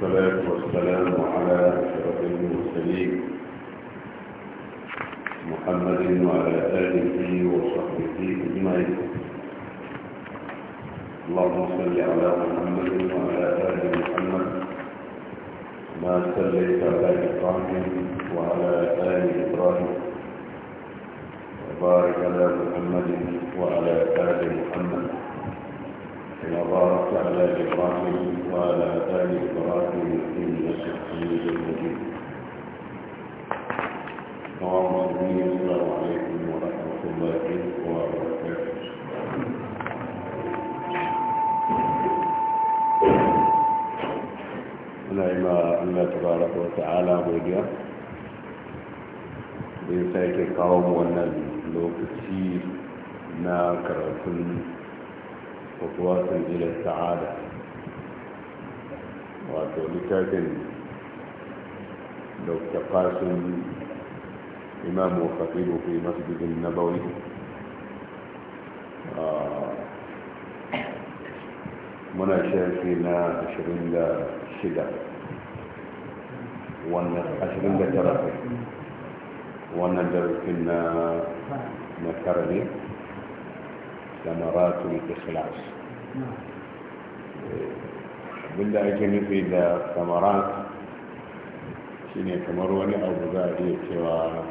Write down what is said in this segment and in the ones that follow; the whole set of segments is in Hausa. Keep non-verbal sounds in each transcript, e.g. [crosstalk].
والصلاة والسلام على أشرف المرسلين محمد وعلى آله وصحبه أجمعين اللهم صل على محمد وعلى آل محمد ما صليت على إبراهيم وعلى آل إبراهيم وبارك على محمد وعلى آل محمد كما باركت على إبراهيم وعلى آل إبراهيم إنك حميد مجيد اللهم صل السلام عليكم ورحمة الله وبركاته نعم الله تبارك وتعالى godiya da ya sake kawo wannan lokaci na karatun خطوات الى السعاده وتوليكات لو تقاسم امام وخطيب في مسجد النبوي آه، مناشر فينا عشرين لشدة وانا عشرين لجرافة وانا فينا نكرني ثمرات الاخلاص abinda ake nufi da samarat shine kamar wani abu za a iya cewa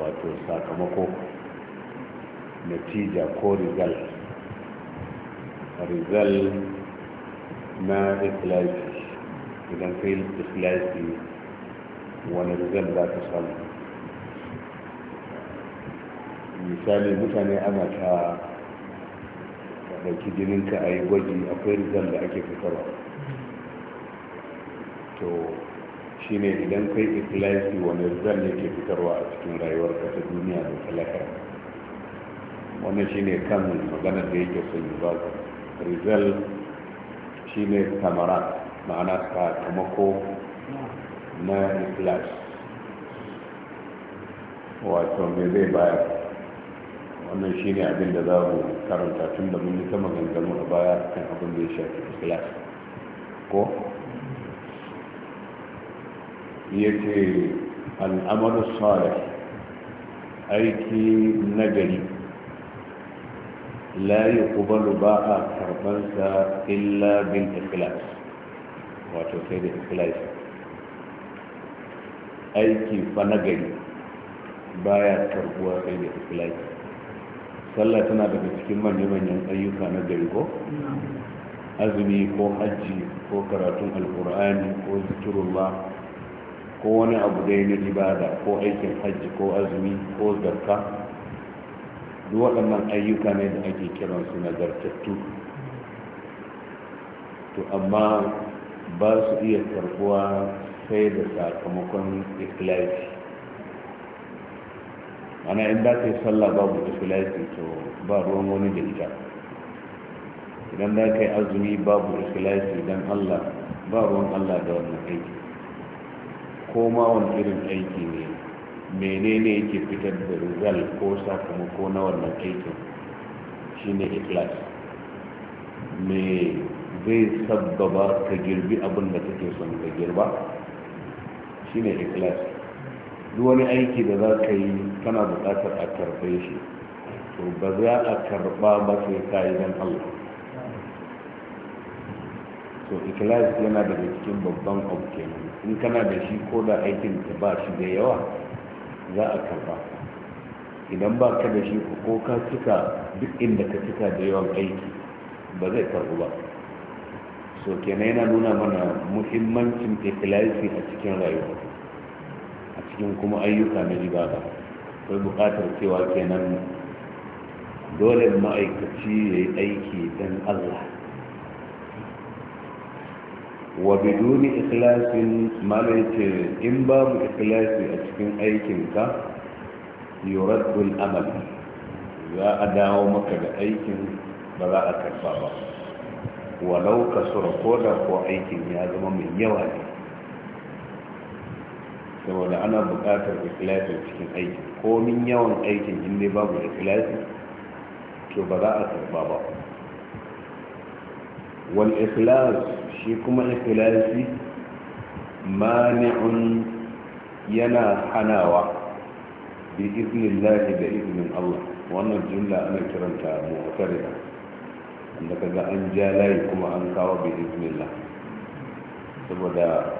wato sakamako natija ko rizal rizal na ikhlasi idan kai ikhlasi wani rizal za ka samu misali mutane ana ta dauki jininka a yi gwaji akwai rizal da ake fitarwa to shi ne idan kai ikilasi wani rizal ne ke fitarwa a cikin rayuwar ta duniya da talaka wannan shi ne kan maganar da yake son yi ba rizal shi ne tamara ma'ana sakamako na ikilasi wato me zai baya? wannan shi ne abin da za mu karanta tun da mun yi ta maganganu a baya kan abin da ya shafi ikhlas ko ya ce al'amalu salih aiki nagari la yi kubalu ba a karbansa illa bin ikhlas wato sai da ikhlas aiki fa nagari baya karbuwa sai da ikhlas sallah tana daga cikin manya-manyan ayyuka na gari ko azumi ko hajji ko karatun alkur'ani ko zikirullah ko wani abu dai na ibada ko aikin hajji ko azumi ko zarka duk waɗannan ayyuka ne da ake kiransu nagartattu to amma ba su iya karbuwa sai da sakamakon ikhlasi ana in za ka yi sallah babu ikhlasi to ba ruwan wani da ita idan za ka yi azumi babu ikhlasi dan allah ba ruwan allah da wannan aiki ko ma wani irin aiki ne menene yake fitar da rizal ko sakamako na wannan aikin shine ikhlas me zai sabbaba ka girbi abin da kake son ka girba shine ikhlas duk wani aiki da za ka yi kana buƙatar a karɓe shi to ba za a karɓa ba sai ka yi don allah to ikilas yana daga cikin babban abu kenan in kana da shi ko da aikin ka ba shi da yawa za a karɓa idan ba ka da shi ko ka cika duk inda ka cika da yawan aiki ba zai karɓu ba so kenan yana nuna mana muhimmancin ikilasi a cikin rayuwa cikin kuma ayyuka na ibada akwai buƙatar cewa kenan dole ma'aikaci ya yi aiki don allah wa biduni ikhlasin mana ce in babu ikhlasi a cikin aikinka al amal za a dawo maka da aikin ba za a karba ba walau ka koda ko aikin ya zama mai yawa ne saboda ana buƙatar ikilasi cikin aikin komin yawan aikin in babu ikilasi to ba za a karba ba wani ikilasi shi kuma ikilasi mani'un yana hanawa bi lafi da iznin Allah wannan jumla ana kiranta mu'tarida wanda ga an ja layi kuma an kawo bi iznillah saboda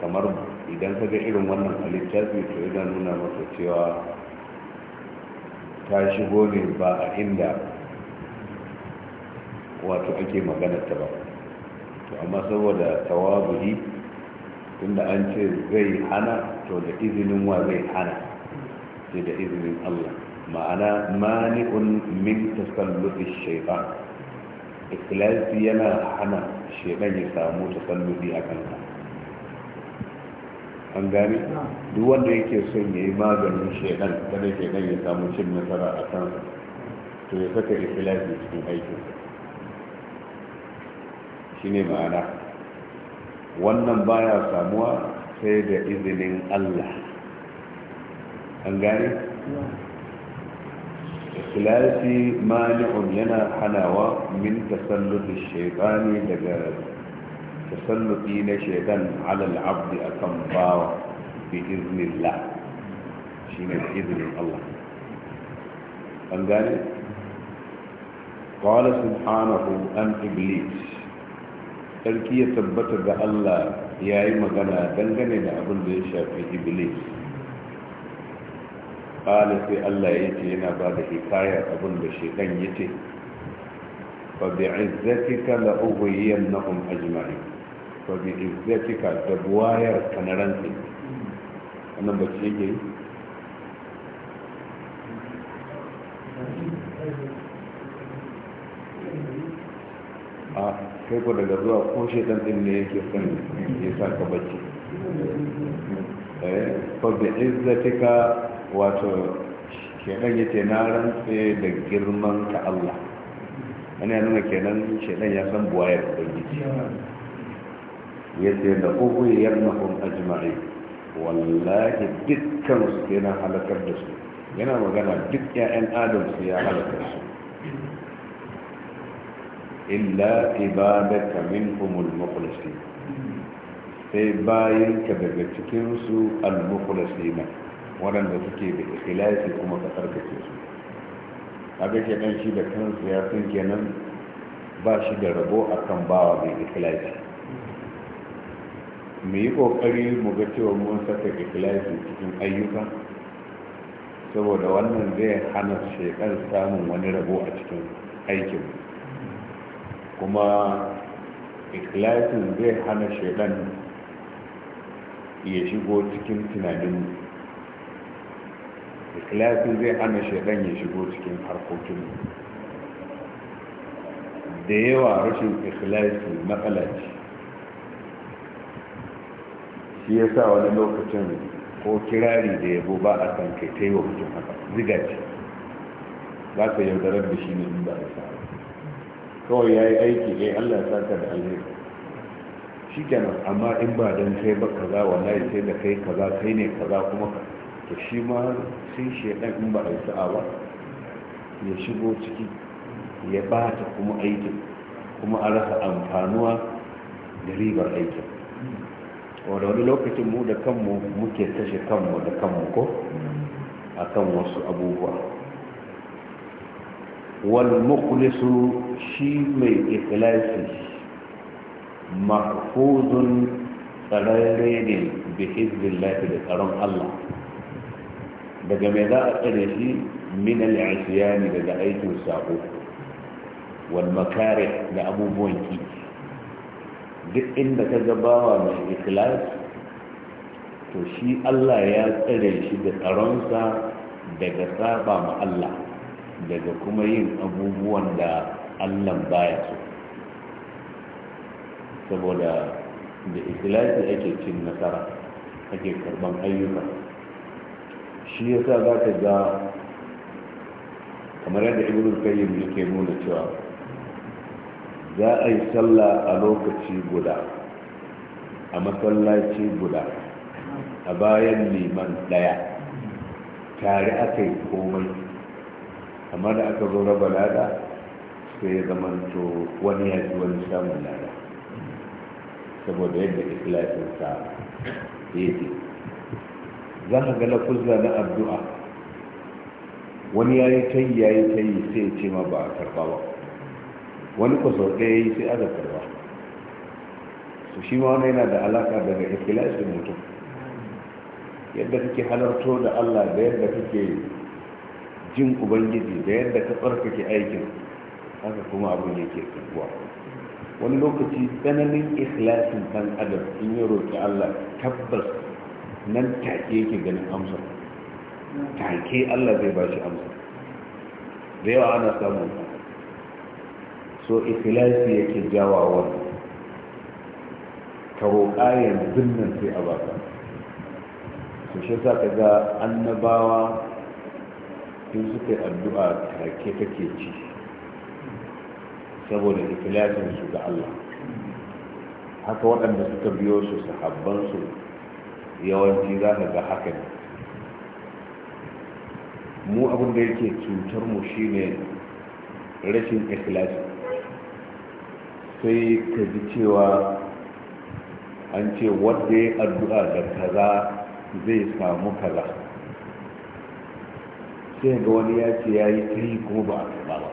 kamar idan ka ga irin wannan halittar to yana nuna maka cewa ta shigo ne ba a inda wato ake magana ta ba to amma saboda tawabuhi tunda an ce zai hana to da izinin wa zai hana sai da izinin Allah ma'ana mani'un min tasalluti shaytan ikhlasi yana hana shaytan ya samu tasalluti a kanka an gane duk wanda yake son ya yi maganin shaidan kada nan ya samu cin nasara a kan to ya saka ikhlasi cikin aikin ne ma'ana wannan baya samuwa sai da izinin Allah an gane ikhlasi mani'un yana hanawa min tasallut da daga تسلطي نشيدا على العبد أتنفى بإذن الله شين بإذن الله فانقالي قال سبحانه أن إبليس تركية ثبت الله يا إما قنا تنقني لأبن ديشا في إبليس قال في الله يتي بعد حكاية أبن بشيطان يتي فبعزتك لأغوينهم أجمعين wa bi izzatika da buwayar kanaran na wannan wannan bacci yake a kai ko daga zuwa ko shaitan din ne yake son ya sa ka bacci eh, fa bi izzatika wato kenan yace na rantse da girman ka Allah wani nuna kenan shaitan ya san buwayar ubangiji ya ce da uku yannahum ajma'i wallahi dukkan su halakar da su yana magana duk ƴaƴan adam su ya halakar su illa ibadaka minhumul mukhlisin sai bayan ka daga cikin su al-mukhlisina wanda suke da ikhlasi kuma ka tsarkake su kaga kenan shi da kansa ya san kenan ba shi da rabo akan bawa mai ikhlasi mu yi kokari mu ga cewa mun saka ikhlasi cikin ayyuka saboda wannan zai hana shekar samun wani rabo a cikin aikin kuma ikhlasin zai hana shekar ya shigo cikin tunanin ikhlasin zai hana shekar ya shigo cikin harkokin da yawa rashin ikhlasi matsala ce shi ya sa wani lokacin ko kirari da yabo ba a san kai ta yi wa mutum haka ziga ce za ka yaudarar da shi ne in ba a sa kawai ya yi aiki eh, ya allah sa ka da alheri shi kenan amma in ba don kai ba kaza wallahi sai da kai kaza kai ne kaza kuma ka to shi ma sai shaidan in ba a yi sa'a ba ya shigo ciki ya bata kuma aikin kuma a rasa amfanuwa da ribar aikin wadda wani lokacin mu da kanmu muke kashe kanmu da kanmu ko a kan wasu abubuwa wal mukhlisu shi mai ikhlasi mahfuzun tsararre ne bi hizbillahi da tsaron Allah daga mai za a tsare shi min al daga aikin sabo Wani makare da abubuwan kiki duk inda ka gabawa mai ikilas, to shi Allah ya tsare shi da tsaronsa daga saba ma Allah daga kuma yin abubuwan da Allah baya so saboda da ikhlasi ake cin nasara ake karban ayyuka shi yasa za ka ga kamar yadda ibrahim kayyar yake nuna cewa za a yi sallah a lokaci guda a masallaci guda a bayan liman daya tare aka yi komai amma da aka zo raba lada sai ya zama to wani ya ji wani samun lada saboda yadda ikilafinsa yake za ka ga kuzza na addu'a wani ya yi tayi ya yi tayi sai ya ce ma ba a karɓa ba wani kwaso ɗaya yi sai aka karba su shi ma wani yana da alaka daga ikilasin mutum yadda kake halarto da allah da yadda kake jin ubangiji da yadda ka tsarkake aikin haka kuma abin yake karbuwa wani lokaci tsananin ikhlasin ɗan adam in ya roƙi allah tabbas nan take yake ganin amsa take allah zai ba shi amsa da yawa ana samun so ikhlasi yake jawawa ka roƙa yanzu nan sai a baka to shi sa ka ga annabawa in suka yi addu'a take take ci saboda ikhlasin su ga Allah haka waɗanda suka biyo su sahabban su yawanci za ka ga haka ne mu abin da yake cutar mu shine rashin ikhlasi sai ka ji cewa an ce wadda ya addu'a da kaza zai samu kaza sai ga wani ya ce ya yi ta yi kuma ba a kaza ba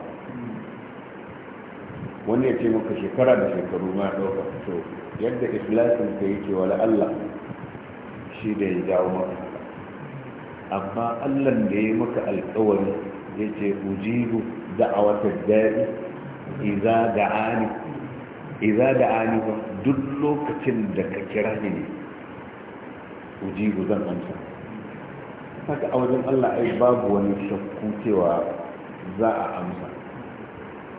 wani ya ce maka shekara da shekaru ma ɗauka to yadda ikhlasin ka yi wa Allah shi da ya jawo maka amma Allah da ya maka alkawari ya ce ujibu da'awatar da'i idza da'ani idza da'ani duk lokacin da ka kira ni ne ujibu zan amsa haka a wajen Allah ai babu wani shakku cewa za a amsa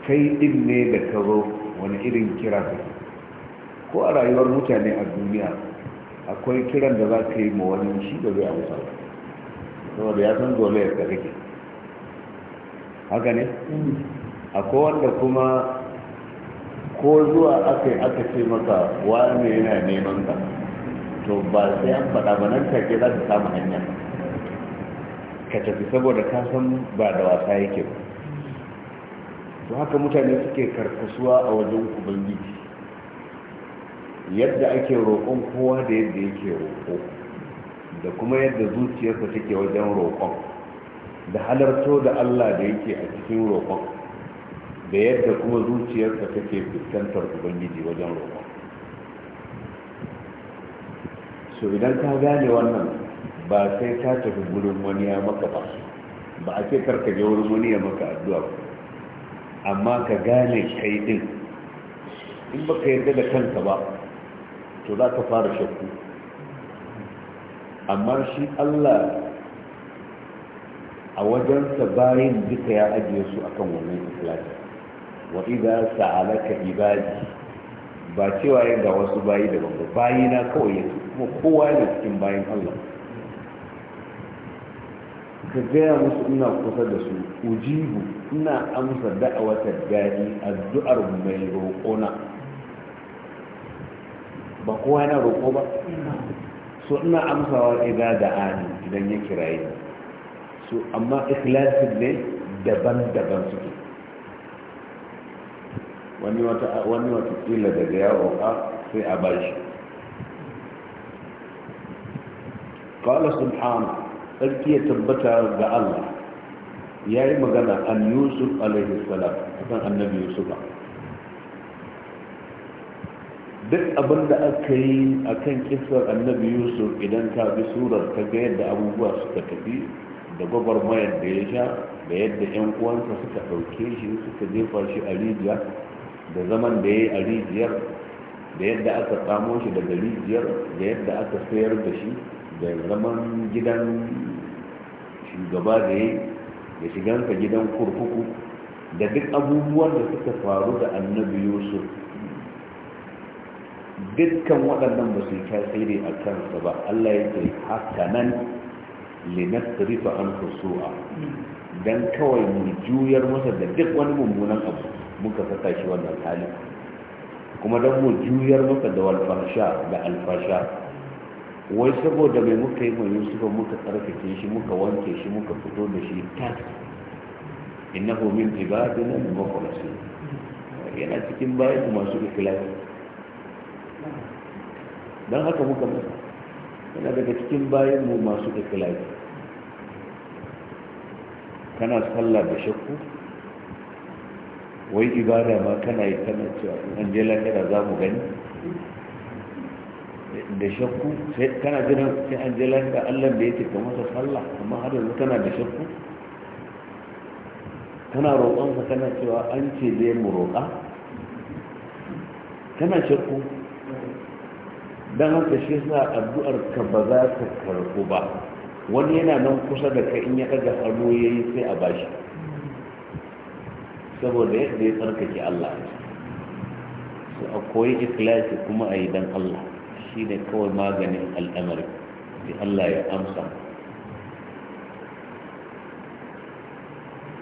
kai din ne da ka zo wani irin kira ka ko a rayuwar mutane a duniya akwai kiran da za ka yi ma wani shi da zai amsa ba saboda ya san dole ya kake haka ne mm. akwai wanda kuma ko zuwa aka aka ce maka wane yana neman ka to ba sai an faɗa ba nan take za ka samu hanya ka tafi saboda ka san ba da wasa yake ba to haka mutane suke karkasuwa a wajen ubangiji yadda ake roƙon kowa da yadda yake roƙo da kuma yadda zuciyarsa take wajen roƙon da halarto da allah da yake a cikin roƙon da yadda kuma zuciyarka take fuskantar ubangiji wajen roƙon so idan ka gane wannan ba sai ka tafi gurin wani ya maka ba ba a ce karka je wurin wani ya maka addu'a ba amma ka gane kai din in ba ka yarda da kanka ba to za ka fara shakku amma shi allah a wajensa bayan duka ya ajiye su akan wannan islamiyya wa idan sa'alaka ibadi ba cewa yin wasu bayi daban ba bayi na kawai yanzu kuma kowa ne cikin bayan Allah ka gaya musu ina kusa da su ujibu ina amsa da'awata gani addu'ar mai roƙona ba kowa yana roƙo ba so ina amsawa idan da ani idan ya kiraye su amma ikhlasin ne daban-daban suke wani watakila daga ya roƙa sai a bashi ƙwala subhana tsarki ya tabbata ga allah ya yi magana an yusuf alaihissalam a kan annabi yusufa duk abin da aka yi a kan kisar annabi yusuf idan ta bi surar ta ga yadda abubuwa suka tafi da gwagwarmayar da ya sha da yadda 'yan uwansa suka ɗauke shi suka jefa shi a rijiya da zaman da ya yi a rijiyar da yadda aka samo shi daga rijiyar da yadda aka sayar da shi da zaman gidan shugaba da ya yi da shigansa gidan kurkuku da duk abubuwan da suka faru da annabi yusuf dukkan waɗannan ba su yi tasiri a kansa ba allah ya ce haka nan linastarifa an kusu'a don kawai mu juyar masa da duk wani mummunan abu muka saka shi wannan hali kuma don mu juyar maka da walfasha da alfasha wai saboda mai muka yi mai yusufa muka tsarkake shi muka wanke shi muka fito da shi ta tak innahu min ibadina al-mukhlasin yana cikin bayan masu ikhlasi Don haka muka masa yana daga cikin bayan mu masu ikhlasi kana sallah da shakku wai ibada ma kana yi kana cewa an je lahira za mu gani da shakku sai kana jira sai an je lahira allah da yake ka masa sallah amma har yanzu kana da shakku kana roƙonsa kana cewa an ce zai mu roƙa kana shakku don haka shi sa addu'ar ka ba za ta karɓu ba wani yana nan kusa da ka in ya ɗaga hannu ya yi sai a bashi saboda yadda ya tsarkake Allah su a koyi ikhlasi kuma a yi dan Allah shi ne kawai maganin al'amari da Allah ya amsa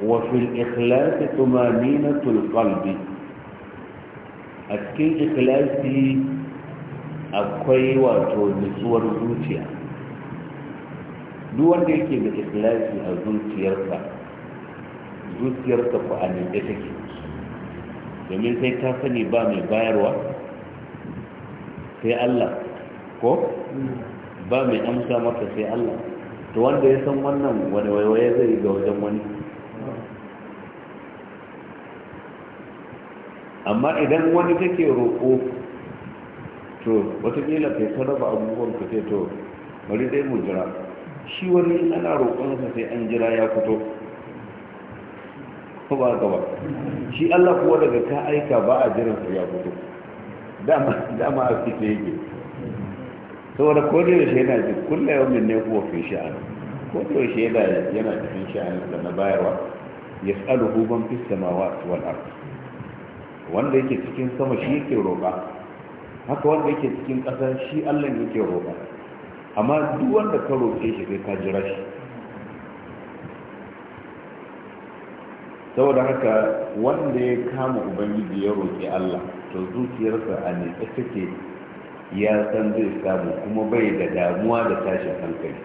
وفي الإخلاص طمأنينة القلب a cikin ikilasi akwai wato nutsuwar zuciya duk wanda yake da ikilasi a zuciyarsa ka fa a miƙe take domin sai ka sani ba mai bayarwa sai Allah ko ba mai amsa maka sai Allah to wanda ya san wannan wani waiwaye zai ga wajen wani amma idan wani take roƙo to watakila kai ta raba abubuwan ka sai to bari dai mu jira shi wani ana roƙonsa sai an jira ya fito ko ba ba shi Allah kuwa daga ka aika ba a jiran ya fito dama dama a fito yake saboda ko da yaushe yana ji kullu min ne kuwa fi sha'ani ko yaushe yana jin cikin sha'ani da na bayarwa ya yas'aluhu man fis samawati wal ard wanda yake cikin sama shi yake roƙa haka wanda yake cikin ƙasa shi Allah yake roƙa amma duk wanda ka roƙe shi kai ka jira shi saboda haka wanda ya kama ubangiji ya roƙi allah to zuciyarsa a nitsa take ya san zai samu kuma bai da damuwa da tashin hankali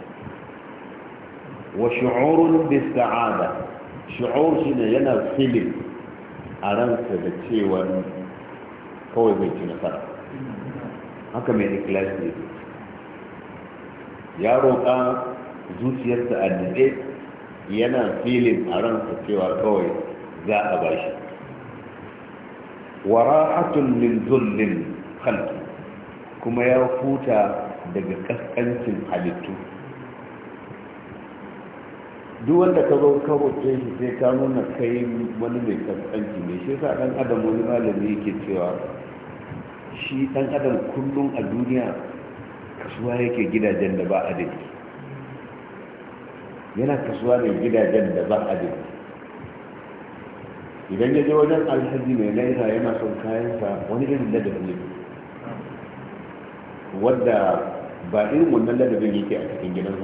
wa shu'urun da, sa'ada shu'ur ne yana filin a ransa da cewa kawai bai ci nasara haka mai ikilasi ne ya roƙa zuciyarsa a dade. yana filin a ran cewa kawai za a ba shi wara'atun min zullin khalqi kuma ya huta daga kaskancin halittu duk wanda ka zo ka shi sai ka nuna kai wani mai kaskanci mai shi sa ɗan adam wani malami yake cewa shi ɗan adam kullum a duniya kasuwa yake gidajen da ba a daidai yana kasuwa ne gidajen da ba a idan ya je wajen alhaji mai laira yana son kayansa wani irin ladabin ne wadda ba irin wannan ladabin yake a cikin gidan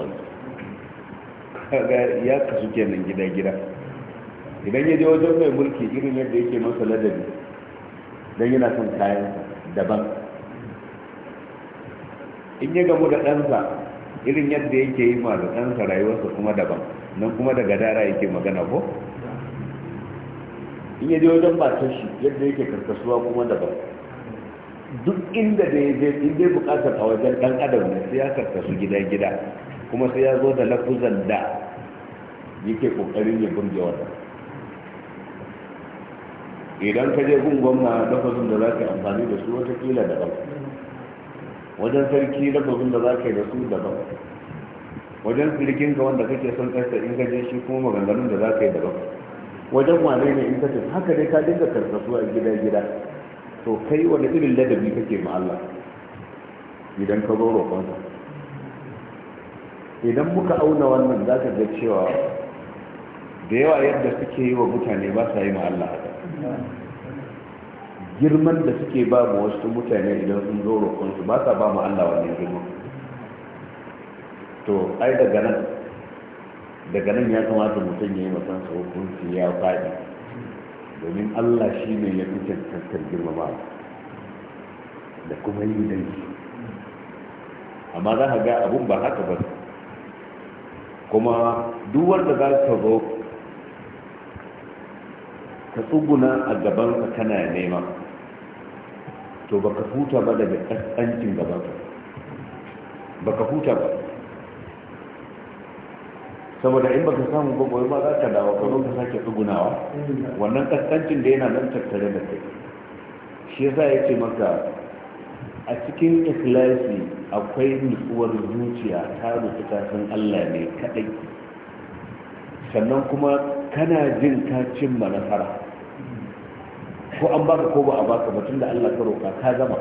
kaga ya kasu kenan gida-gida idan ya je wajen mai mulki irin yadda yake masa ladabi don yana son kayansa daban in ya gamu da ɗansa irin yadda yake yi ma da ɗansa rayuwarsa kuma daban nan kuma daga dara yake magana ko in yaje wajen matar shi yadda yake karkasuwa kuma daban duk inda da ya je in dai bukatar a wajen ɗan adam ne sai ya karkasu gida gida kuma sai ya zo da lafuzan da yake kokarin ya burge wata idan ka je gun gwamna lafuzan da za ka amfani da su wata kila daban wajen sarki lafafin da za ka yi da su daban wajen sirikin ga wanda kake son kasta in gajen shi kuma maganganun da za ka yi daban wajen wane ne in kace haka dai ka dinga karkasu a gida gida to kai wani irin ladabi kake ma Allah idan ka zo roƙonsa idan muka auna wannan za ka ga cewa da yawa yadda suke yi wa mutane ba sa yi ma Allah haka girman da suke ba mu wasu mutane idan sun zo roƙon su ba sa ba mu Allah wannan girman to ai daga nan daga nan ya kamata mutum ya yi masan sa hukunci ya faɗi domin Allah shi ne ya fi cancantar girmama da kuma yi da shi amma za ka ga abun ba haka ba kuma duk wanda za ka zo ka tsuguna a gabansa kana nema to baka huta ba daga ƙasƙancin gaba ka baka huta ba saboda in baka samu ba ba za ka dawo ka zo ka sake tsugunawa wannan ƙasƙancin da yana nan tattare da kai shi yasa ya ce maka a cikin ikhlasi akwai nutsuwar zuciya ta rufe san Allah ne kadai sannan kuma kana jin ka cimma nasara ko an baka ko ba a baka ba tunda Allah ka roka ka gama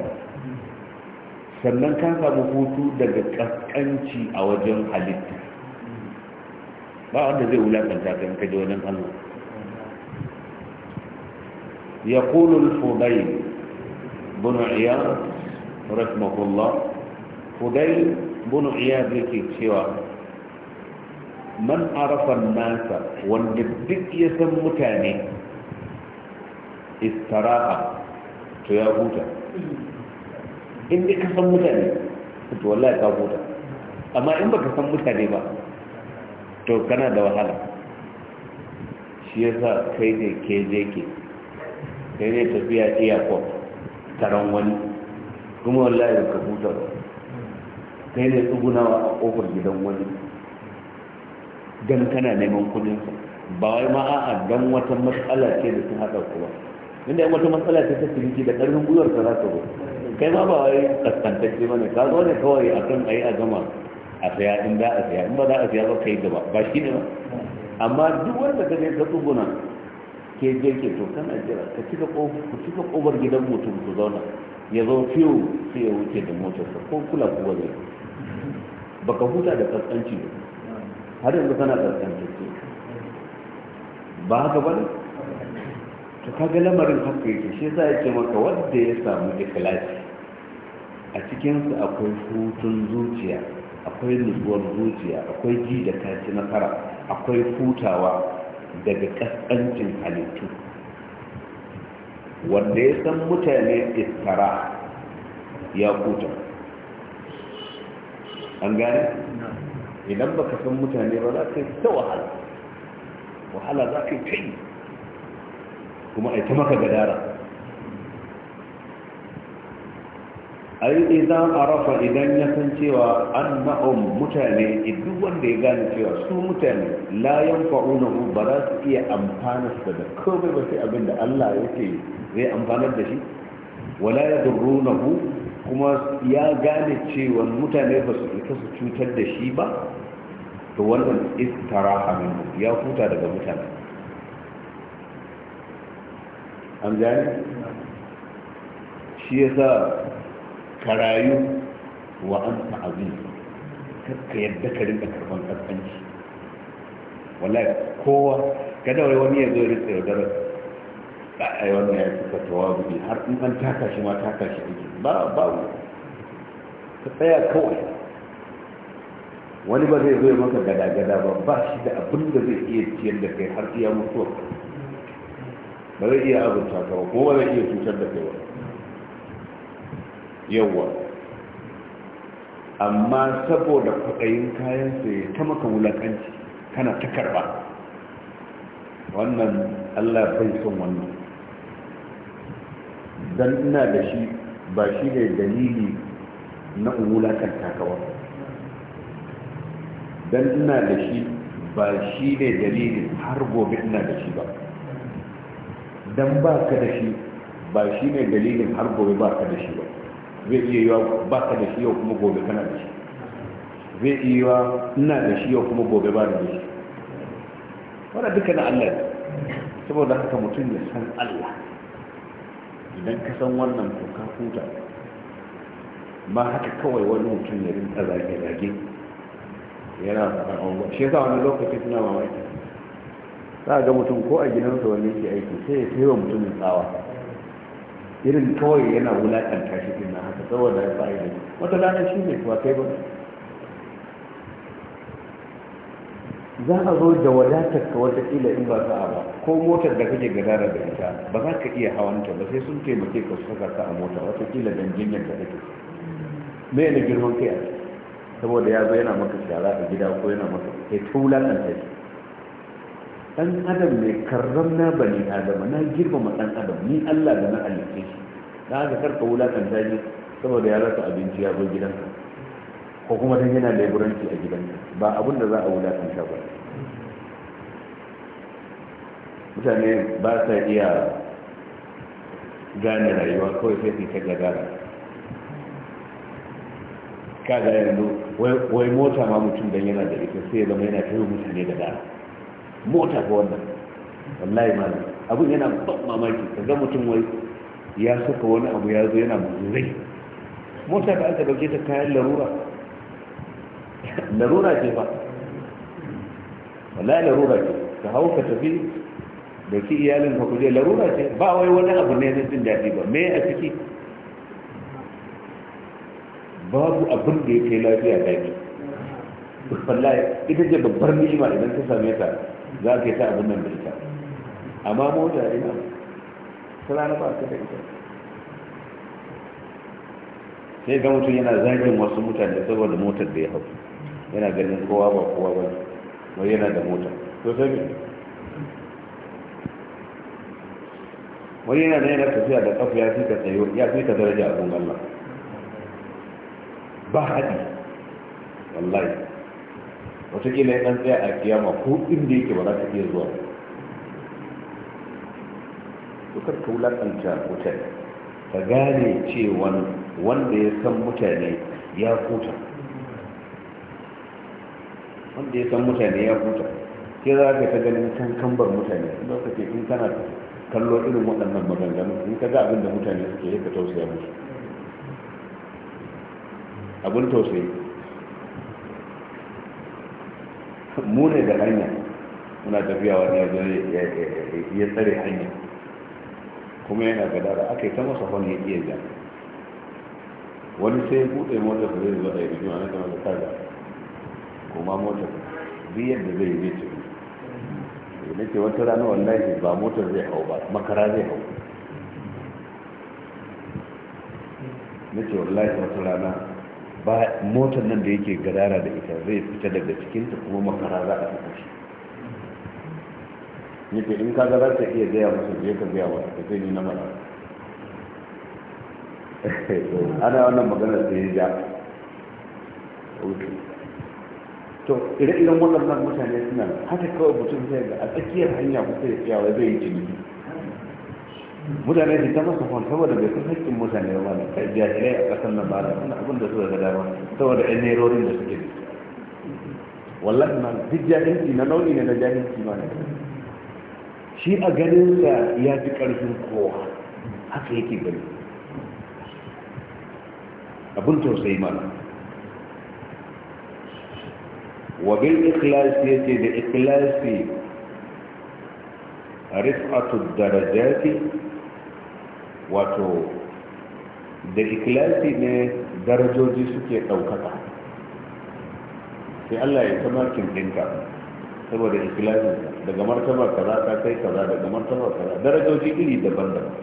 sannan ka samu hutu daga kaskanci a wajen halitta ba wanda zai wulakanta ka in ka ji wajen Allah يقول الفضيل بن عياض رحمه الله فضيل بن عياض yake cewa man arafa nasa wanda duk ya san mutane istaraha to ya huta in dai ka san mutane to wallahi ka huta amma in baka san mutane ba to kana da wahala shi yasa kai ne ke je ke kai ne tafiya airport taron wani kuma wallahi ka huta ba kai ne tsugunawa a kofar gidan wani gan kana neman kudinsa ba wai ma a'a don wata matsala ce da sun haɗa kuwa. inda yan wata matsala ta ta ciniki da ƙarfin gwiwar ta za ka zo kai ma ba wai kaskantacce ba ne ka zo ne kawai a kan a yi a gama a saya in za a saya in ba za a saya ba kai gaba ba shi ne ba amma duk wanda ka je ka tsuguna ke je ke to a jira ka cika ku cika kobar gidan mutum ku zauna ya zo fiyo sai ya wuce da motarsa ko kula kuwa zai baka huta da kaskanci har yanzu kana kaskantacce ba haka ba ne to kaga lamarin haka yake shi yasa yake maka wanda ya samu ikhlasi a cikinsu akwai hutun zuciya akwai nutsuwar zuciya akwai ji da kaci nasara akwai hutawa daga kaskancin halittu wanda ya san mutane istara ya kuta an gane idan baka san mutane ba za ka yi ta wahala wahala za ka yi ta yi kuma a yi ta maka gadara a yi idan arafa idan ya san cewa an na'om mutane duk wanda ya gane cewa su mutane layan fa'unahu ba za su iya amfana su da komai ba sai abin da allah ya zai amfanar da shi wala ya durrunahu kuma ya gane cewa mutane ba su ita su cutar da shi ba to wannan istara ya huta daga mutane an gani shi ya sa ka rayu wa an ta'azi kakka yadda ka rinka karban kaskanci wala kowa kada wai wani ya zo ya rinka a yi wannan ya suka tawa bude har in an taka shi ma taka shi aiki ba ba ka tsaya kawai wani ba zai zo ya maka gada-gada ba ba shi da abin da zai iya ciyar da kai har iya mutuwa ba zai iya azurta ka ko ba zai iya cutar da kai ba yawwa amma saboda kwaɗayin kayan sai ta maka wulakanci kana ta karɓa wannan allah bai son wannan don ina da shi ba shi ne dalili na wulakanta ka ba don ina da shi ba shi ne dalilin har gobe ina da shi ba dan ba ka da shi ba shi ne dalilin har gobe ba ka da shi ba zai iya yiwa ba ka da shi yau kuma gobe kana da shi zai iya yiwa ina da shi yau kuma gobe ba da shi wadda duka na Allah ne saboda haka mutum ya san Allah idan ka san wannan ko ka huta ma haka kawai wani mutum ya rinta zage-zage yana faɗa abubuwa shi yasa wani lokacin suna mamaki za ga mutum ko a gidansa wani ke aiki sai ya kai wa mutumin tsawa irin kawai yana wulaƙanta shi ɗin na haka saboda ya fa'ida wata lana shi ne kuwa kai ba za a zo da wadatar ka watakila in ba sa'a ba ko motar da kake gadara da ita ba za ka iya hawan ta ba sai sun taimake ka su saka ka a mota watakila don jinyar ka take me ne girman kai a saboda ya zo yana maka shara a gida ko yana maka kai ta wulaƙanta shi Ɗan adam mai karram na bani adam na girmama ɗan adam ni Allah da na halitta shi da aka karka kan shi saboda ya rasa abinci ya zo gidanka ko kuma dan yana leburanci a gidanka ba abin za a wulakanta ba mutane ba sa iya gane rayuwa kawai sai su ta gagara kaga yanzu wai mota ma mutum dan yana da ita sai ya zama yana kai mutane da dara mota ga wannan wallahi malam abin yana ban mamaki ka ga mutum wai ya suka wani abu ya zo yana mazurai mota da aka dauke ta kayan larura larura ce ba wallahi larura ce ka hau ka tafi da ki iyalin ka kuje larura ce ba wai wani abu ne na jin daɗi ba me a ciki babu abin da ya kai lafiya daɗi wallahi ita ce babbar ni'ima idan ta same ta za ka yi ta abin nan da ita amma mota ina tana na ba ka da ita sai ga mutum yana zagin wasu mutane saboda motar da ya hau yana ganin kowa ba kowa ba mai yana da mota to sai wani yana da yana tafiya da kafa ya fi ka tsayo ya fi ka daraja a Allah ba haɗi wallahi wataƙila ya ɗan tsaya a kiyama ko inda yake ba za ta iya zuwa to kar ka wulaƙanta mutane ka gane ce wanda ya san mutane ya kuta wanda ya san mutane ya kuta ke za ka ta ganin kan kambar mutane lokaci in kana kallo irin waɗannan maganganu in ka ga abin da mutane suke yi ka tausaya musu abin tausayi mu ne da hanya muna tafiya wani ya zai iya tsare hanya kuma yana gada da aka yi ta masa wani ya iya jami wani sai ya buɗe motar da zai zo da yabi kama da kaza kuma motar biyar da zai yi ce da nake wata rana wallahi ba motar zai hau ba makara zai hau nake wallahi wata rana motar nan da yake gadara da ita zai fita daga cikinta kuma makara za a fita shi yake in ka ga za ta iya zaya musu zai ka zaya wata ka zai nuna mara [laughs] ana wannan magana da ya ja to ire-iren waɗannan mutane suna haka kawai mutum zai ga a tsakiyar hanya kusa da tsayawa zai yi ciniki mutane su ta masa fon saboda bai san hakkin mutane ba ne kai jahilai a ƙasar nan ba da wannan abin da suka ga dama saboda ɗan nerorin da suke wallahi ma duk jahilci na nau'i ne na jahilci ma ne shi a ganin sa ya fi ƙarfin kowa haka yake gani abin tausayi mana wabin bil ikhlasi yace da ikhlasi رفعة الدرجات wato da ikilasi ne darajoji suke ɗaukaka sai allah ya ta makin ɗinka saboda ikilasi daga martabar kaza ta kai kaza daga martabar kaza darajoji iri daban-daban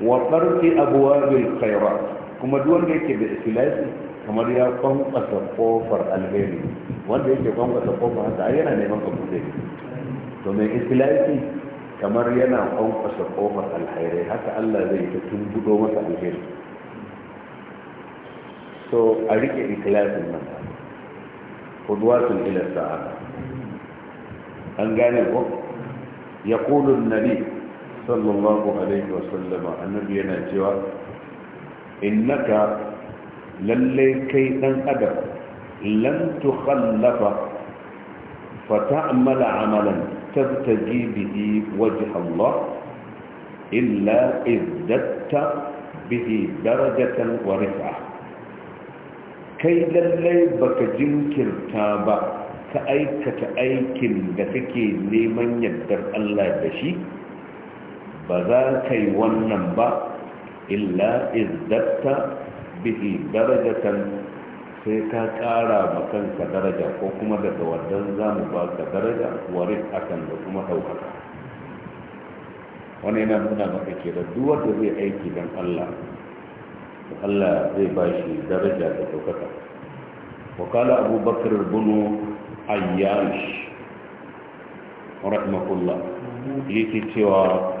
wa ɓarki abuwa bil khaira kuma duk wanda yake da ikilasi kamar ya kwankwasa kofar alheri wanda yake kwankwasa kofar haka yana neman ka bude to mai ikilasi kamar yana kwankwasa kofar alhairai haka allah zai ta tumbudo masa alheri so a rike ikilasin nan kudwatun ila sa'ada an gane ko ya kulun nabi sallallahu alaihi wasallama annabi yana cewa innaka lalle kai dan adam lan tukhallafa fa ta'mala amalan تبتجي به وجه الله إلا إذ ددت به درجة ورفعة كي للي بك جنكر تابا كأيك كأيك لتكي لمن يدر الله بشي بذاك يونن با إلا إذ ددت به درجة sai ka ƙara ma kanka daraja ko kuma daga wannan za mu ba ka daraja wari akan da kuma ɗaukaka wani yana nuna maka ke da duk wanda zai aiki don allah allah zai ba shi daraja da ɗaukaka wakala abubakar bunu ayyash rahimahullah yake cewa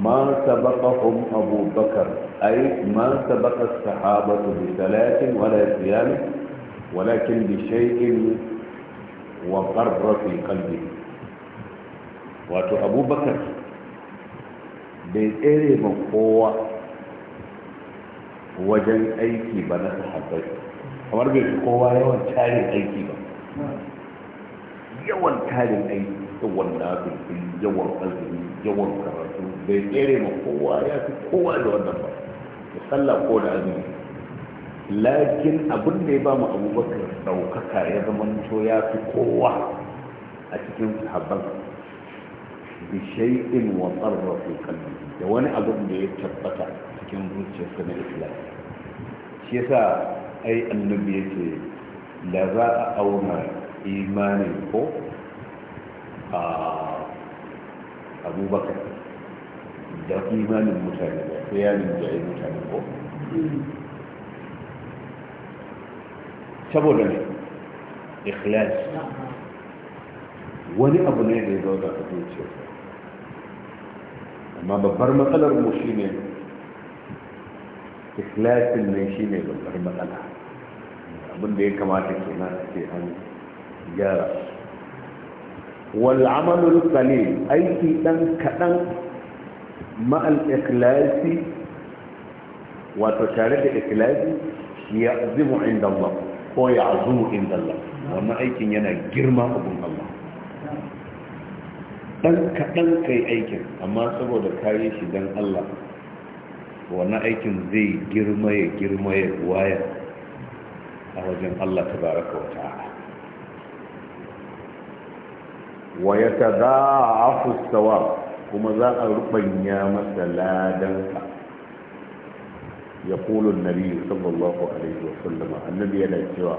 ma sabaqahum abubakar أي ما سبق الصحابة بصلاة ولا صيام ولكن بشيء وقر في قلبه wato abubakar bai tsere ma kowa wajen aiki ba na sahabbai kamar bai fi kowa yawan tarin aiki ba yawan tarin aiki yawan nafin yawan azumi yawan karatu bai tsere ma kowa kowa ba sallah ko da azumi lakin abin da ya ba mu abubakar ɗaukaka ya zama to ya fi kowa a cikin sahabban bi shay'in wa tsarrafu kalbi da wani abin da ya tabbata cikin zuciyarsa na islam shi yasa ai annabi yake da za a auna imanin ko a abubakar da imanin mutane ba ko ya rinjaye mutane ko saboda ne ikhlas wani abu ne da ya zauna a zuciyarsa amma babbar matsalar mu shine ikhlasin ne shine babbar matsala abin da ya kamata kenan a ce an gyara wal amalul qalil aiki dan kadan ma'al ikhlasi wato tare da ikhlasi ya zimu inda Allah ko ya azumu inda Allah wannan aikin yana girma abin Allah ɗan kaɗan kai aikin amma saboda kayi shi dan Allah wannan aikin zai girma ya girma ya waya a wajen Allah ta tabaraka wa ta'ala wa a a sawab kuma za a rubanya masa ladanka ya kulun nabi sallallahu alaihi wa sallama annabi yana cewa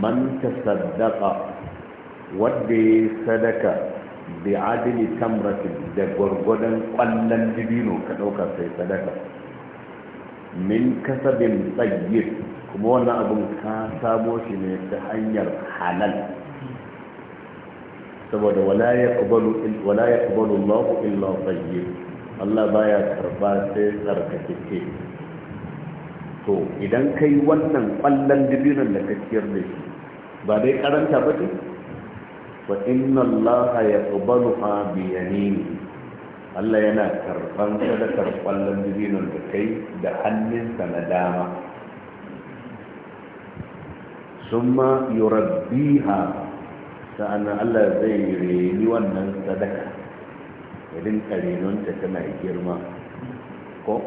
man tasaddaqa wanda ya sadaka bi adli tamratin da gwargwadon kwallon dibino ka dauka sai sadaka min kasabin tsayyid kuma wannan abun ka samo shi ne ta hanyar halal saboda wala yaqbalu wala yaqbalu illa Allah baya karba sai tsarkakeke to idan kai wannan kwallon dibinan da kaciyar da shi ba dai karanta ba ce Ba inna allaha yaqbaluha bi biyani. Allah yana karban sadakar ƙwallon dibinan da kai da hannunsa na dama summa yurabbiha sa'annan Allah zai reni wannan sadaka ya rinka tana girma ko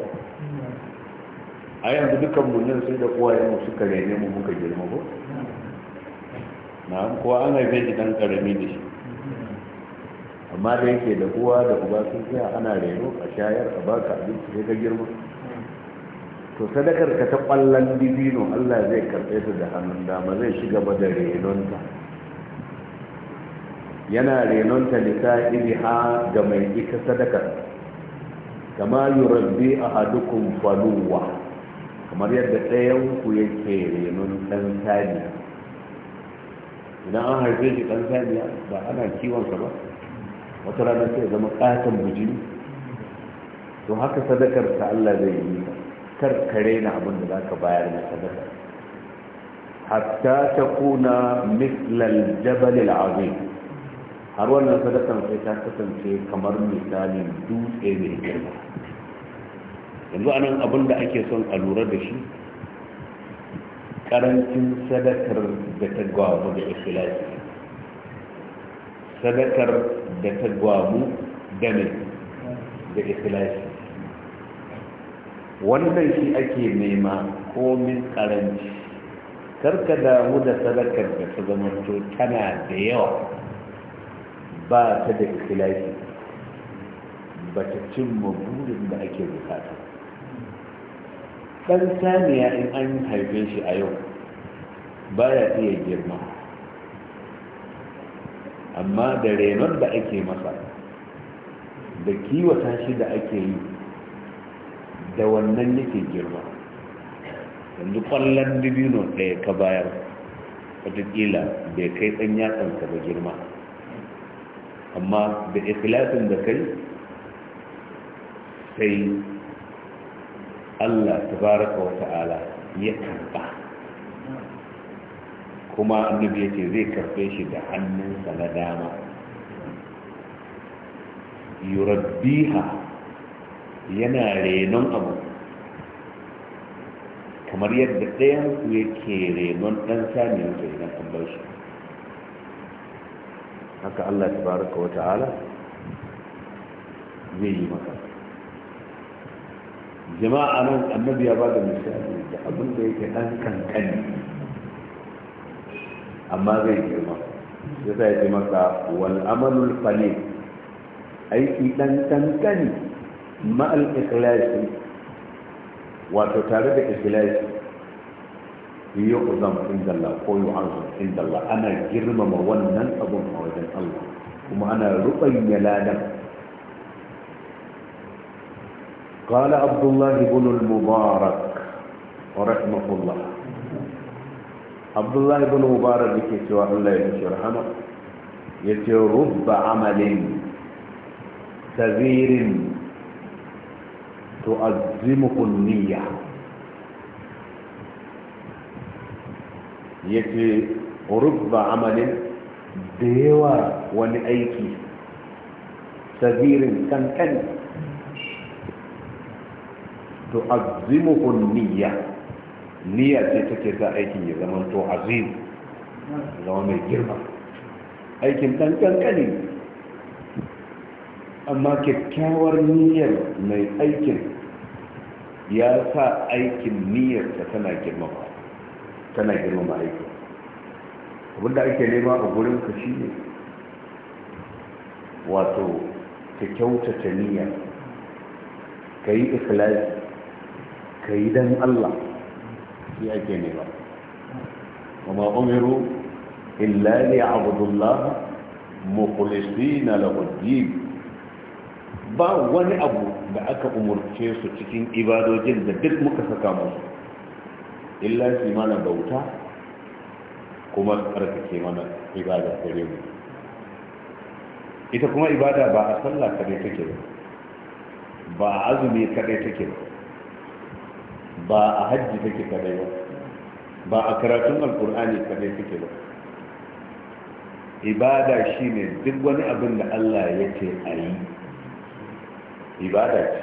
a yanzu dukan munin sai da kowa mu suka rene mu muka girma ko na kowa an haife shi dan karami da shi amma da yake da kowa da uba sun tsaya ana reno a shayar a baka abinci sai ka girma to sadakar ka ta kwallon dibino Allah zai karɓe su da hannun dama zai shiga ba da renonta yana renonta lita ibiha ga mai ita sadakar kama yi rabbi a hadukun faluwa kamar yadda ɗayanku yake renon ɗan saniya idan an haife shi ɗan saniya ba ana kiwonsa ba wata rana sai zama ƙaton bujini to haka sadakar ta Allah zai yi kar ka rena abin da za ka bayar na sadakar hatta ta kuna mislal jabalil azim har wannan sadakan sai ta kasance kamar misali dutse mai girma yanzu a nan abin da ake son a lura da shi karancin sadakar da ta gwamu da ikhlasi sadakar da ta gwamu da mai da ikhlasi wannan shi ake nema komin karanci karka damu da sadakar da ta zama tana da yawa ba ta da ikilaki ba ta cimma burin da ake bukata ɗan saniya in an haife shi a yau ba ya iya girma amma da renon da ake masa da kiwata shi da ake yi da wannan yake girma yanzu kwallon dibino ɗaya ka bayar wataƙila bai kai ɗan yatsansa ba girma amma da ikhlasin da kai sai Allah tabaraka wa ta'ala ya karba kuma annabi yake zai karbe shi da hannunsa na dama yurabbiha yana renon abu kamar yadda ɗayan su yake renon ɗan saniyar da idan an bar shi haka Allah ta tabaraka wa ta'ala zai yi maka jama'a nan annabi ya bada misali da abin da yake dan kankani amma zai girma ya sa ya ce maka wal amalul qalil aiki dan kankani ma'al ikhlasi wato tare da ikhlasi يقدم عند الله هو يعظم عند الله أنا جرم مولنا أبن حوالي الله وما أنا رقي ملانا قال عبد الله بن المبارك ورحمه الله عبد الله بن المبارك يتوى الله يرحمه يتوى رب عمل سبير تؤزمه النية yake rubba amalin da yawa wani aiki sabirin kankan to azimuhun niyya niyya ce take sa aikin ya zama to azim zama mai girma aikin dan kankani amma kyakkyawar niyyar mai aikin ya sa aikin ta tana girma tana girmama aiki abinda ake nema a gurin ka shi ne wato ka kyauta ta niyya ka yi ikhlasi ka yi dan Allah shi ake nema وما أمروا إلا ليعبدوا الله مخلصين له الدين ba wani abu da aka umurce su cikin ibadojin da duk muka saka musu illa shi mana bauta kuma tsarkake mana ibada gare mu ita kuma ibada ba a sallah kadai take ba ba a azumi kadai take ba ba a hajji take kadai ba ba a karatun alkur'ani kadai take ba ibada shine duk wani abin da Allah ya ce a yi ibada ce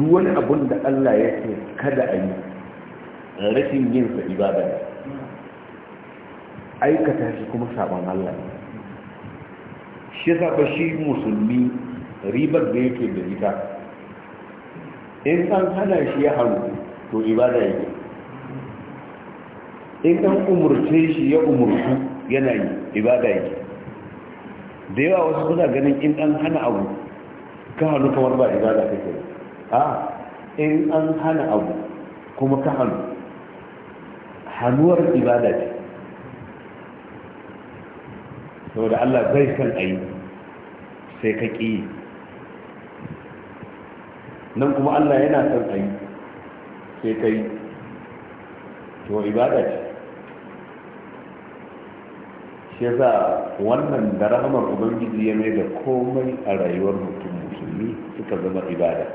duk wani abun da Allah ya ce kada a yi rashin yin sa ibada ne aikata shi kuma sabon Allah ne shi zaɓa shi musulmi ribar da yake da ita in an hana shi ya haru to ibada yake in an umurce shi ya umurtu yana yi ibada yake da yawa wasu suna ganin in an hana abu ka hannu kamar ba ibada kake yi a in an hana abu kuma ka hannu hannuwar ibada ce da Allah zai san ayi sai ka ƙi nan kuma Allah yana san ayi sai ka yi to ibada ce shi yasa wannan da rahamar ubangiji ya mai da komai a rayuwar mutum musulmi suka zama ibada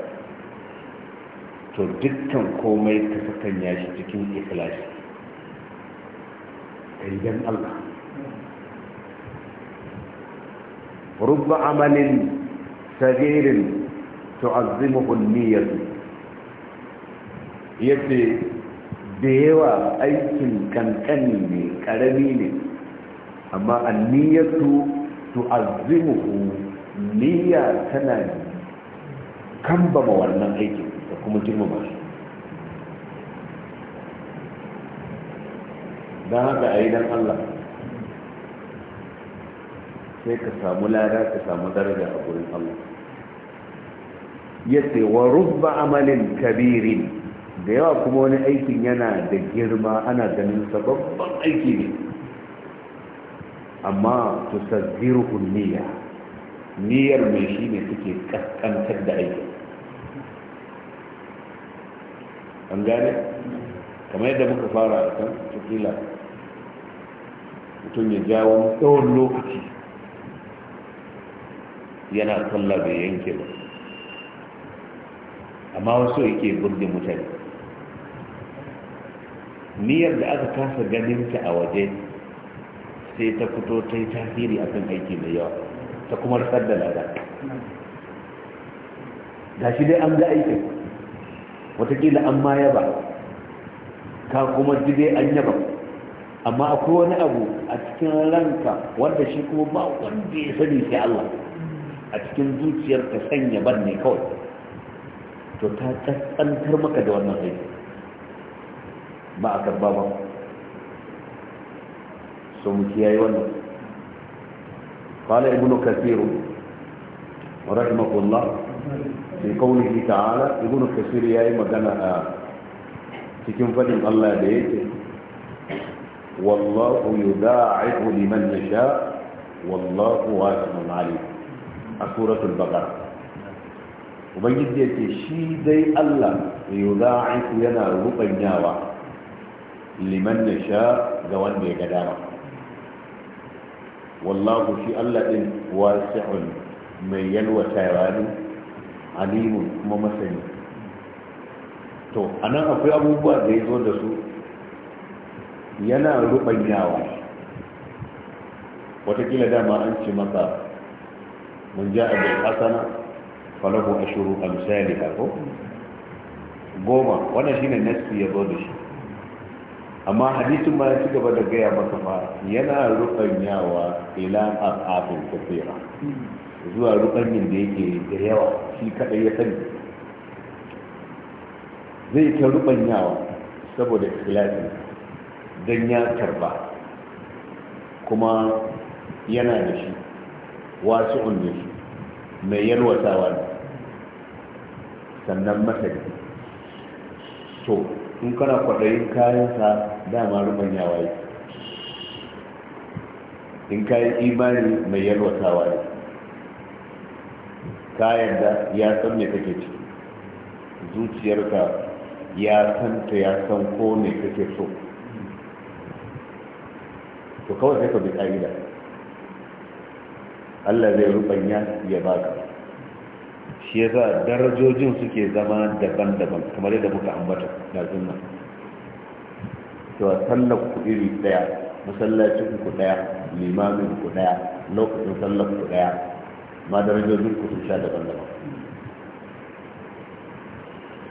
to dukkan komai ka sakanya shi cikin a idan Allah rubba amalin sagirin tu'azzimuhu an-niyyah yace da yawa aikin kankan ne karami ne amma anniyatu to azimuhu niyya tana ba wannan aikin kuma girmama su don haka a yi don allah sai ka samu lada ka samu daraja a gurin allah ya ce wa rubba amalin kabirin da yawa kuma wani aikin yana da girma ana ganin sababban aiki ne amma tusazziruhu niyya niyyar mai shi ne suke kaskantar da aiki an gane kamar yadda muka fara a kan tafila mutum ya jawo tsawon lokaci yana sallah bai yanke ba amma wasu yake burge mutane niyyar da aka kasa ganin ta a waje sai ta fito ta yi tasiri akan aiki mai yawa ta kuma rasar da lada ga shi dai an ga aikin watakila an ma yaba ka kuma dide an yaba amma akwai wani abu a cikin ranka wanda shi kuma ba wanda ya sani sai Allah a cikin zuciyar ka sanya ban ne kawai to ta tsantsantar maka da wannan aiki ba a karba ba so mu kiyaye wannan qala ibnu kathir rahimahullah fi qawlihi ta'ala ibn kasir yayi magana a cikin fadin Allah da yake wallahu yudaa'ifu liman yasha wallahu wasi'un alim a suratul baqara ubangiji ya ce shi dai allah yau za a yana rubanyawa liman ya sha ga wanda ya ga wallahu shi allah ɗin wasi'un mai alimun kuma masani to a nan akwai abubuwa da ya zo da su yana rubanyawa watakila dama an ce maka mun ja a bai hasana falahu ashuru amsali ko goma wannan shine nasu ya zo da shi amma hadisin ma ya ci gaba da gaya maka fa yana rubanyawa ila al'afin kafira zuwa rubanyin da yake da yawa shi kaɗai ya sani zai ta rubanyawa saboda ikhlasi don ya karba kuma yana da shi wasu da shi mai yalwatawa ne sannan masari to in kana kwaɗayin kayansa dama rubanyawa yi in kayan imani mai yalwatawa ne ka yarda ya san me kake ciki zuciyarka ya san ta ya san ko me kake so to kawai sai ka bi ka'ida Allah zai rubanya ya baka shi yasa darajojin suke zama daban-daban kamar yadda muka ambata da zunna to sallar ku iri daya masallacin ku daya limamin ku daya lokacin sallar ku daya ما درجة منكم في شادة الله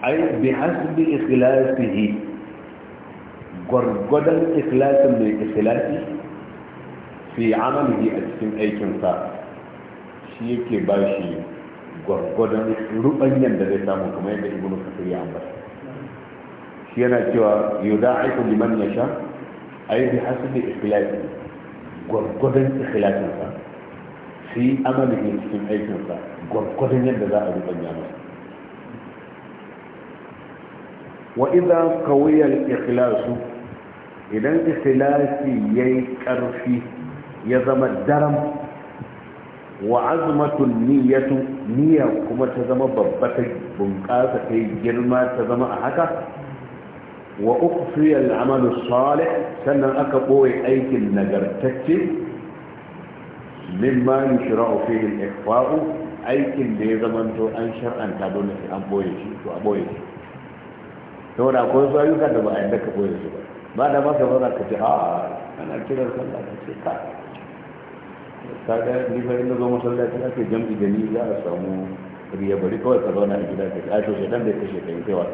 أي بحسب إخلاصه قرقد الإخلاص من إخلاصه في عمله أجسم أي كنفا شيك باشي قرقد رؤيا لذي سامو كما يدى ابن كثير عمر شينا كوا يضاعف لمن يشاء أي بحسب إخلاصه قرقد إخلاصه su yi amali ne cikin aikinsa gwargwadon yadda za a rubanya masa wa idan kawiyar ikhlasu idan ikhlasi ya yi ƙarfi ya zama daram wa azmatun niyyatu niyya kuma ta zama babba ta bunƙasa ta yi girma ta zama a haka wa uku al-amalu sannan aka ɓoye aikin nagartacce mimma yushra'u fihi al-ikhfa'u aikin da ya to an shar'anta dole sai an boye shi to a boye shi saboda akwai wasu ayyuka da ba a yadda ka boye su ba ba da masa ba za ka ce a ah, ana kiran sallah ka ce ka kaga ni fa inda zo masallaci ake jam'i da ni za a samu riya bari kawai ka zauna a gida ka ce a to shedan da ya kashe ka yi kai wa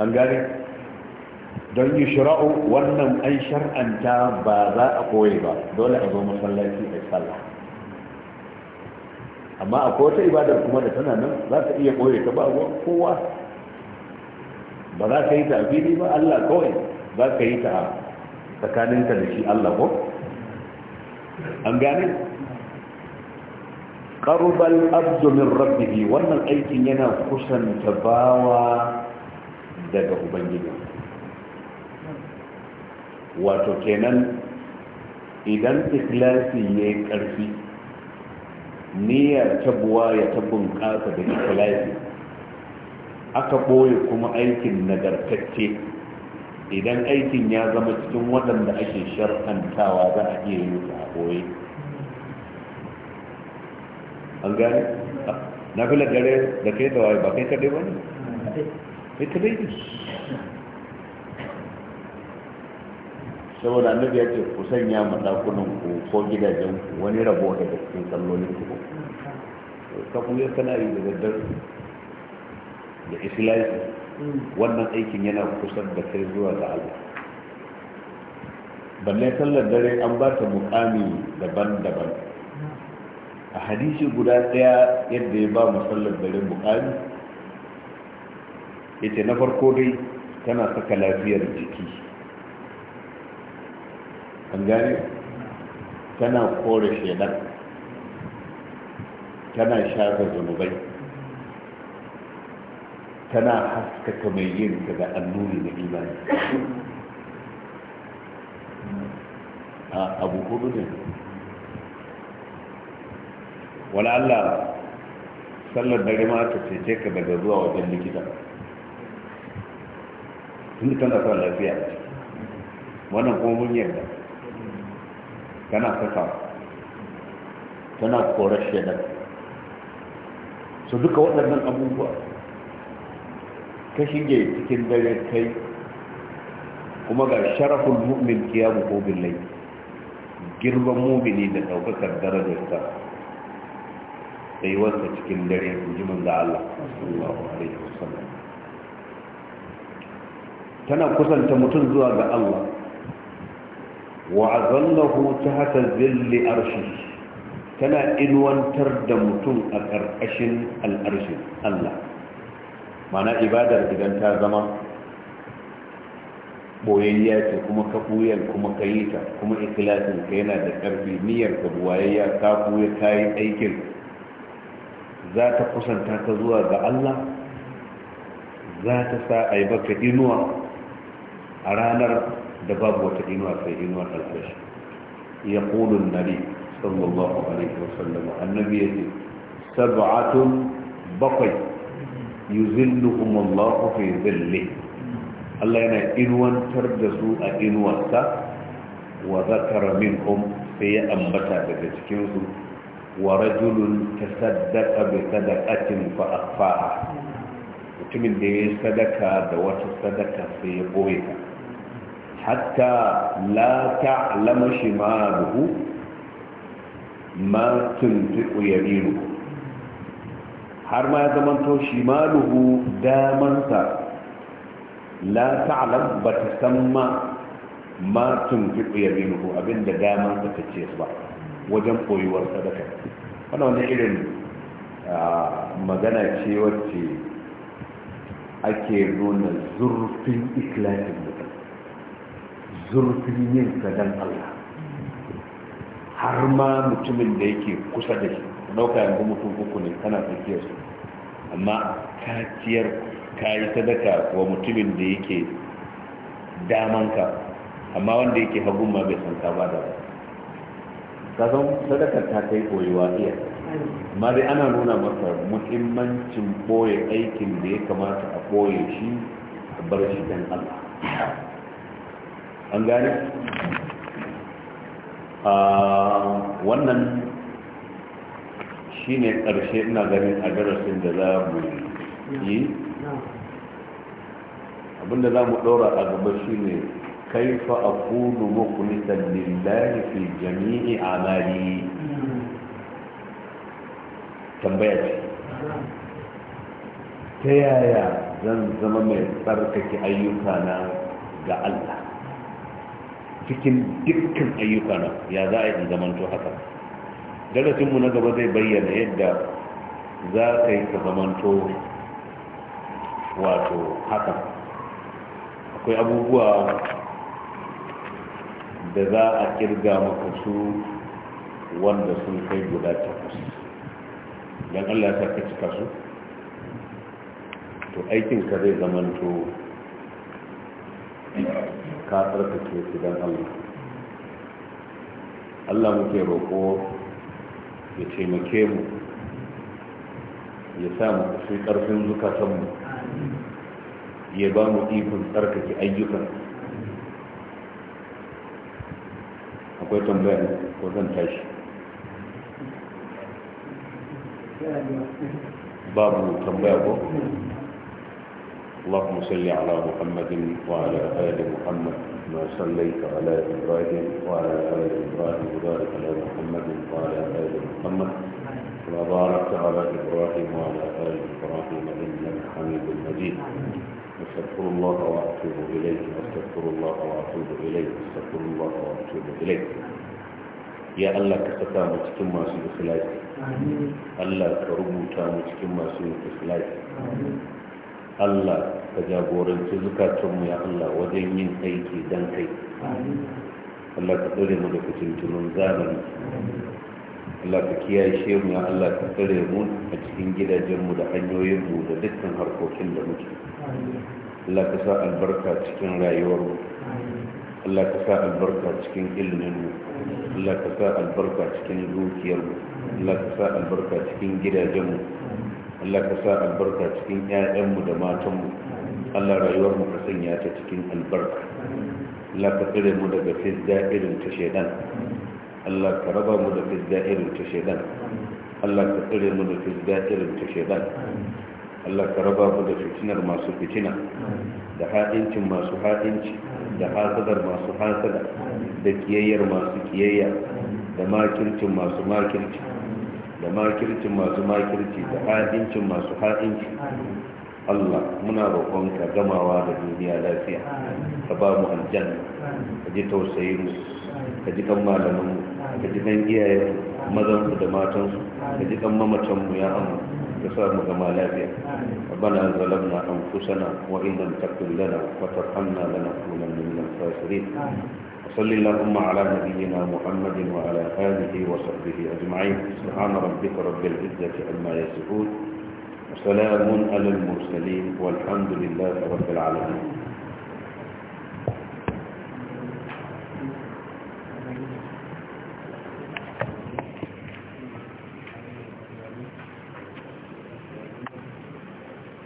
an gane don yi shira'u wannan an shar'anta ba za a koyi ba dole a zo masallaci a sallah amma akwai wata ibadar kuma da tana nan za ta iya koyi ta ba kowa ba za ka yi ta a fili ba allah kawai za ka yi ta a tsakaninka da shi allah ko an gane ƙarubal abdomin min rabbihi wannan aikin yana kusanta bawa daga ubangijinsa wato kenan idan ikhlasi ya yi ƙarfi niyyar tabuwa ya tabun ƙasa da ikhlasi aka ɓoye kuma aikin nagartacce idan aikin ya zama cikin waɗanda ake shar'antawa za a iya yi a ɓoye an gane na fi lagare da kai da waye ba kai kaɗai ba ne? kai kaɗai ne saboda annabi ya ce ku sanya ma dakunan ku ko gidajen ku wani rabo daga cikin sallolin ku kafin ya kana yi da daddar da islasi wannan aikin yana kusa da kai zuwa ga Allah balle sallar dare an ba ta mukami daban-daban a hadisi guda ɗaya yadda ya ba musallar dare mukami yace na farko dai tana saka lafiyar jiki an gane tana kore shaidan tana shafa zunubai tana haskaka mai yin daga annuri na imani a abu hudu ne wani allah sallar dare ma ta cece ka daga zuwa wajen likita tun tana son lafiya wannan kuma mun yarda kana saka tana korar shaidar su duka waɗannan abubuwa ka shige cikin dare kai kuma ga sharafin mu'min mu ko billai girman mumini da ɗaukakar darajarsa tsayuwarsa cikin dare jimin da Allah sallallahu alaihi wasallam tana kusanta mutum zuwa ga Allah وأظله Zille ذل tana inuwantar da mutum a ƙarƙashin الأرش Allah. mana ibadar idan ta zama. boyayya ce kuma ka ɓuyar kuma ka yi ta kuma ikilasin ka yana da ƙarfi niyyar ka buwayayya ka ɓuya ka yi aikin za ta kusanta ka zuwa ga Allah za ta sa a yi baka inuwa a ranar da babu wata inuwa sai inuwar alfashi ya ƙulun nabi sallallahu alaihi wasallam annabi ya ce sab'atun bakwai yuzilluhum Allah fi zille Allah yana inuwantar da su a inuwarsa wa zakara minhum sai ya ambata daga cikinsu wa rajulun tasaddaqa bi sadaqatin fa akhfaha mutumin da ya sadaka da wata sadaka sai ya boye ta hatta la ta'lamu shimaluhu ma tuntiqu yaminuhu har ma ya zamanto shimaluhu damansa la ta'lam ba ta san ma ma tuntiqu yaminuhu abinda damansa ta ce ba wajen koyuwar sadaka wannan wani irin magana ce wacce ake nuna zurfin ikilasin mutum zurfin yin sadan Allah har ma mutumin da yake kusa da shi ɗauka yanzu mutum uku ne kana tsakiyar su amma kaciyar kayi sadaka wa mutumin da yake damanka amma wanda yake hagu ma bai san ka ba da ba ka sadakar ta kai koyewa iya amma dai ana nuna masa muhimmancin boye aikin da ya kamata a boye shi a bar shi dan Allah an gane a ah, wannan shi ne ƙarshe ina ganin a darasin da za mu yi abinda za mu ɗora a gaba shi ne kaifa a kudu mukulitan lillahi fi jami'i amali tambaya ce ta yaya zan zama mai tsarkake ayyuka na ga Allah cikin dukkan ayyukana ya za a yi zamanto haka darasinmu na gaba zai bayyana yadda za ka yi ka zamanto wato haka akwai abubuwa da za a kirga maka su wanda sun kai guda takwas don allah ta ka cika su to aikinka zai zamanto ka tsarkake su don allah allah muke roƙo ya taimake mu ya sa mu kusur ƙarfin zukatanmu ya ba mu ikon tsarkake ayyukan akwai tambaya ko zan tashi babu tambaya ko اللهم صل على محمد وعلى آل محمد ما صليت على إبراهيم وعلى آل إبراهيم وبارك على محمد وعلى آل محمد باركت على إبراهيم وعلى آل إبراهيم إنك حميد مجيد أستغفر الله وأتوب إليه أستغفر الله وأتوب إليه أستغفر الله وأتوب إليه يا الله كتبت saka mu cikin masu الله Allah ka rubuta mu cikin الله Allah ka jagoranci zukatunmu ya Allah wajen yin aiki don kai Allah ka tsare mu da kucintunan zamani Allah ka kiyashe mu ya Allah ka tsare mu a cikin gidajenmu da hanyoyinmu da dukkan harkokin da muke Allah ka sa albarka cikin rayuwar mu. Allah ka sa albarka cikin ilimin mu. Allah ka sa albarka cikin dukiyar mu. Allah ka sa albarka cikin gidajenmu Allah ka sa albarka cikin 'ya'yanmu da matanmu Allah rayuwar mu ka sanya ta cikin albarka Allah ka tsire mu daga fizda irin ta shaidan, Allah ka raba mu da fizda irin ta shaidan, Allah ka tsire mu da fizda irin ta shaidan, Allah ka raba mu da fitinar masu fitina da haɗincin masu haɗinci da hasadar masu hasada da kiyayyar masu kiyayya da makircin masu makirci da makircin masu makirci da ha'incin masu ha'inci Allah muna roƙon ka gamawa da duniya lafiya ka ba mu aljanna ka ji tausayin mu ka ji kan malamin mu ka ji kan iyaye, mazan da matan su ka ji kan mamatan mu ya amma ka sa mu gama lafiya rabbana zalamna anfusana wa in lam taghfir lana wa tarhamna lanakunanna al khasirin صل اللهم على نبينا محمد وعلى آله وصحبه أجمعين سبحان ربك رب العزة عما يصفون وسلام على المرسلين والحمد لله رب العالمين